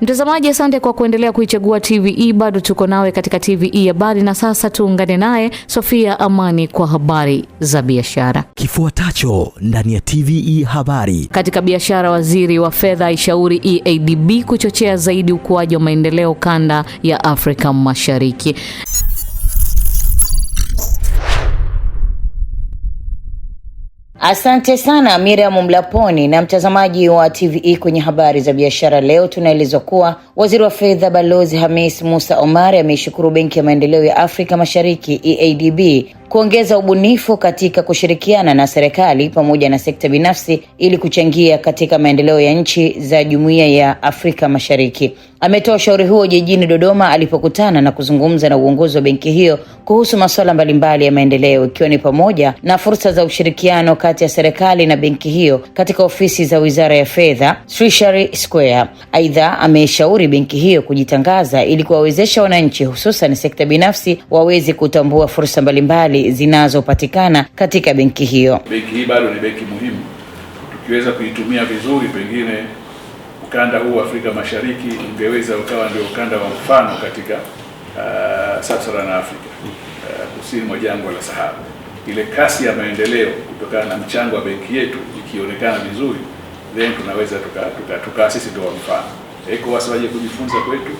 Mtazamaji, asante kwa kuendelea kuichagua TVE. Bado tuko nawe katika TVE Habari, na sasa tuungane naye Sofia Amani kwa habari za biashara. Kifuatacho ndani ya TVE Habari. Katika biashara, waziri wa fedha aishauri EADB kuchochea zaidi ukuaji wa maendeleo kanda ya Afrika Mashariki. Asante sana Miriam Mlaponi. Na mtazamaji wa TVE, kwenye habari za biashara leo tunaelezwa kuwa waziri wa fedha Balozi Hamis Musa Omar ameishukuru Benki ya Maendeleo ya Afrika Mashariki EADB kuongeza ubunifu katika kushirikiana na serikali pamoja na sekta binafsi ili kuchangia katika maendeleo ya nchi za Jumuiya ya Afrika Mashariki. Ametoa ushauri huo jijini Dodoma alipokutana na kuzungumza na uongozi wa benki hiyo kuhusu masuala mbalimbali ya maendeleo ikiwa ni pamoja na fursa za ushirikiano kati ya serikali na benki hiyo katika ofisi za Wizara ya Fedha, Treasury Square. Aidha, ameshauri benki hiyo kujitangaza ili kuwawezesha wananchi, hususan sekta binafsi, waweze kutambua fursa mbalimbali mbalimbali zinazopatikana katika benki hiyo. Benki hii bado ni benki muhimu, tukiweza kuitumia vizuri, pengine ukanda huu wa Afrika Mashariki ungeweza ukawa ndio ukanda wa mfano katika uh, Sub-Saharan Africa, uh, kusini mwa jangwa la Sahara. Ile kasi ya maendeleo kutokana na mchango wa benki yetu ikionekana vizuri, then tunaweza tukaasisi tuka, tuka, ndio wa mfano ECOWAS waje kujifunza kwetu,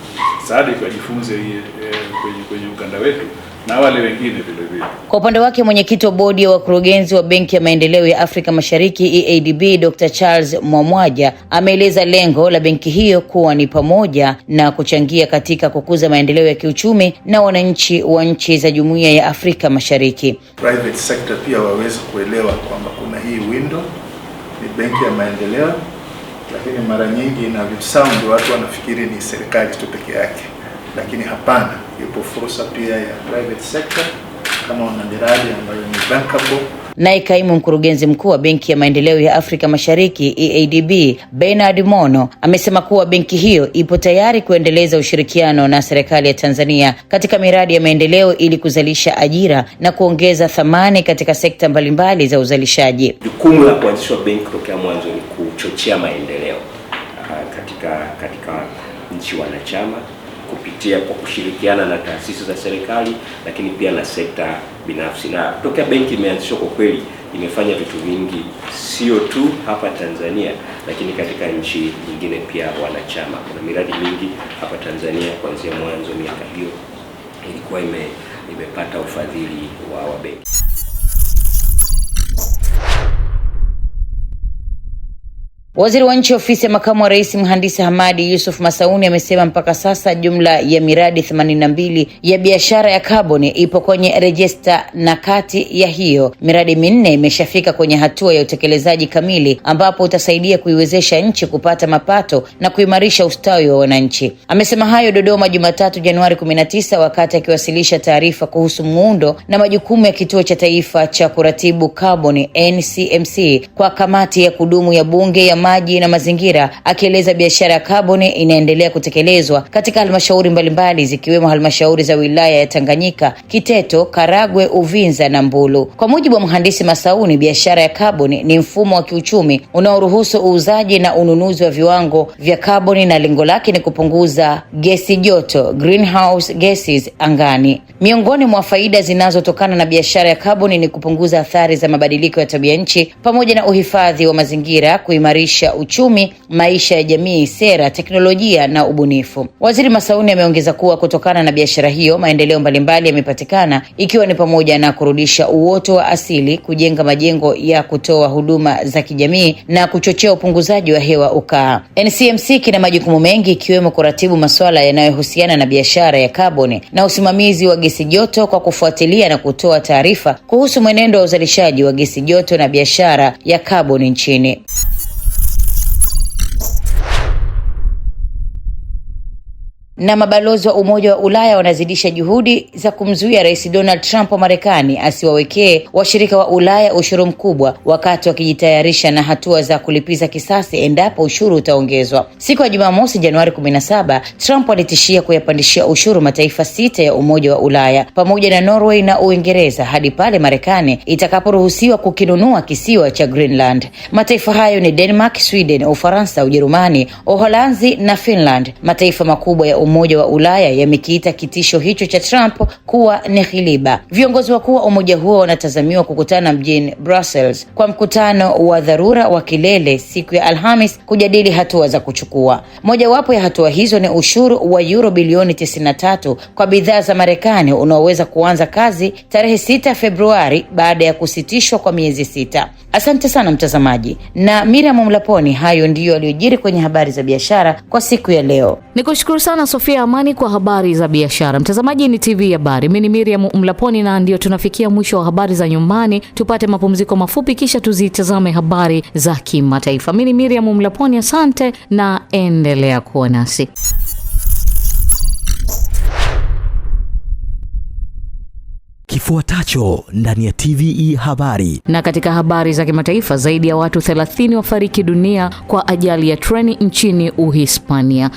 SADC wajifunze eh, kwenye, kwenye ukanda wetu na wale wengine vile vile. Kwa upande wake mwenyekiti wa bodi ya wakurugenzi wa Benki ya Maendeleo ya Afrika Mashariki EADB, Dr. Charles Mwamwaja ameeleza lengo la benki hiyo kuwa ni pamoja na kuchangia katika kukuza maendeleo ya kiuchumi na wananchi wa nchi za Jumuiya ya Afrika Mashariki. Private sector pia waweze kuelewa kwamba kuna hii window ni benki ya maendeleo, lakini mara nyingi na watu wanafikiri ni serikali tu peke yake lakini hapana, ipo fursa pia ya private sector kama wana miradi ambayo ni bankable. Naye kaimu mkurugenzi mkuu wa Benki ya Maendeleo ya Afrika Mashariki EADB Bernard Mono amesema kuwa benki hiyo ipo tayari kuendeleza ushirikiano na serikali ya Tanzania katika miradi ya maendeleo ili kuzalisha ajira na kuongeza thamani katika sekta mbalimbali za uzalishaji. Jukumu la kuanzishwa benki tokea mwanzo ni kuchochea maendeleo ah, katika, katika nchi wanachama kupitia kwa kushirikiana na taasisi za serikali, lakini pia na sekta binafsi. Na tokea benki imeanzishwa, kwa kweli imefanya vitu vingi, sio tu hapa Tanzania, lakini katika nchi nyingine pia wanachama. Kuna miradi mingi hapa Tanzania kuanzia mwanzo miaka hiyo ilikuwa ime, imepata ufadhili wa benki. Waziri wa Nchi, Ofisi ya Makamu wa Rais, Mhandisi Hamadi Yusuf Masauni amesema mpaka sasa jumla ya miradi 82 ya biashara ya kaboni ipo kwenye rejista na kati ya hiyo miradi minne imeshafika kwenye hatua ya utekelezaji kamili, ambapo utasaidia kuiwezesha nchi kupata mapato na kuimarisha ustawi wa wananchi. Amesema hayo Dodoma Jumatatu, Januari 19 wakati akiwasilisha taarifa kuhusu muundo na majukumu ya Kituo cha Taifa cha Kuratibu Kaboni NCMC kwa kamati ya kudumu ya Bunge ya maji na mazingira akieleza biashara ya kaboni inaendelea kutekelezwa katika halmashauri mbalimbali zikiwemo halmashauri za wilaya ya Tanganyika, Kiteto, Karagwe, Uvinza na Mbulu. Kwa mujibu wa mhandisi Masauni, biashara ya kaboni ni mfumo wa kiuchumi unaoruhusu uuzaji na ununuzi wa viwango vya kaboni na lengo lake ni kupunguza gesi joto greenhouse gases angani. Miongoni mwa faida zinazotokana na biashara ya kaboni ni kupunguza athari za mabadiliko ya tabia nchi pamoja na uhifadhi wa mazingira, kuimarisha kuimarisha uchumi, maisha ya jamii, sera, teknolojia na ubunifu. Waziri Masauni ameongeza kuwa kutokana na biashara hiyo maendeleo mbalimbali yamepatikana ikiwa ni pamoja na kurudisha uoto wa asili, kujenga majengo ya kutoa huduma za kijamii na kuchochea upunguzaji wa hewa ukaa. NCMC kina majukumu mengi ikiwemo kuratibu masuala yanayohusiana na biashara ya kaboni na usimamizi wa gesi joto kwa kufuatilia na kutoa taarifa kuhusu mwenendo wa uzalishaji wa gesi joto na biashara ya kaboni nchini. na mabalozi wa Umoja wa Ulaya wanazidisha juhudi za kumzuia Rais Donald Trump wa Marekani asiwawekee washirika wa Ulaya ushuru mkubwa, wakati wakijitayarisha na hatua za kulipiza kisasi endapo ushuru utaongezwa. Siku ya Jumamosi, Januari 17, Trump alitishia kuyapandishia ushuru mataifa sita ya Umoja wa Ulaya pamoja na Norway na Uingereza hadi pale Marekani itakaporuhusiwa kukinunua kisiwa cha Greenland. Mataifa hayo ni Denmark, Sweden, Ufaransa, Ujerumani, Uholanzi na Finland, mataifa makubwa ya Umoja Umoja wa Ulaya yamekiita kitisho hicho cha Trump kuwa ni ghiliba. Viongozi wakuu wa umoja huo wanatazamiwa kukutana mjini Brussels kwa mkutano wa dharura wa kilele siku ya Alhamis kujadili hatua za kuchukua. Mojawapo ya hatua hizo ni ushuru wa euro bilioni 93 kwa bidhaa za Marekani unaoweza kuanza kazi tarehe 6 Februari baada ya kusitishwa kwa miezi sita. Asante sana mtazamaji na Miriam Mlaponi, hayo ndiyo yaliyojiri kwenye habari za biashara kwa siku ya leo. Nikushukuru sana so Sofia Amani kwa habari za biashara. Mtazamaji ni TV Habari, mimi ni Miriam Mlaponi na ndio tunafikia mwisho wa habari za nyumbani. Tupate mapumziko mafupi, kisha tuzitazame habari za kimataifa. Mimi ni Miriam Mlaponi, asante na endelea kuwa nasi. Kifuatacho ndani ya TVE Habari. Na katika habari za kimataifa, zaidi ya watu 30 wafariki dunia kwa ajali ya treni nchini Uhispania.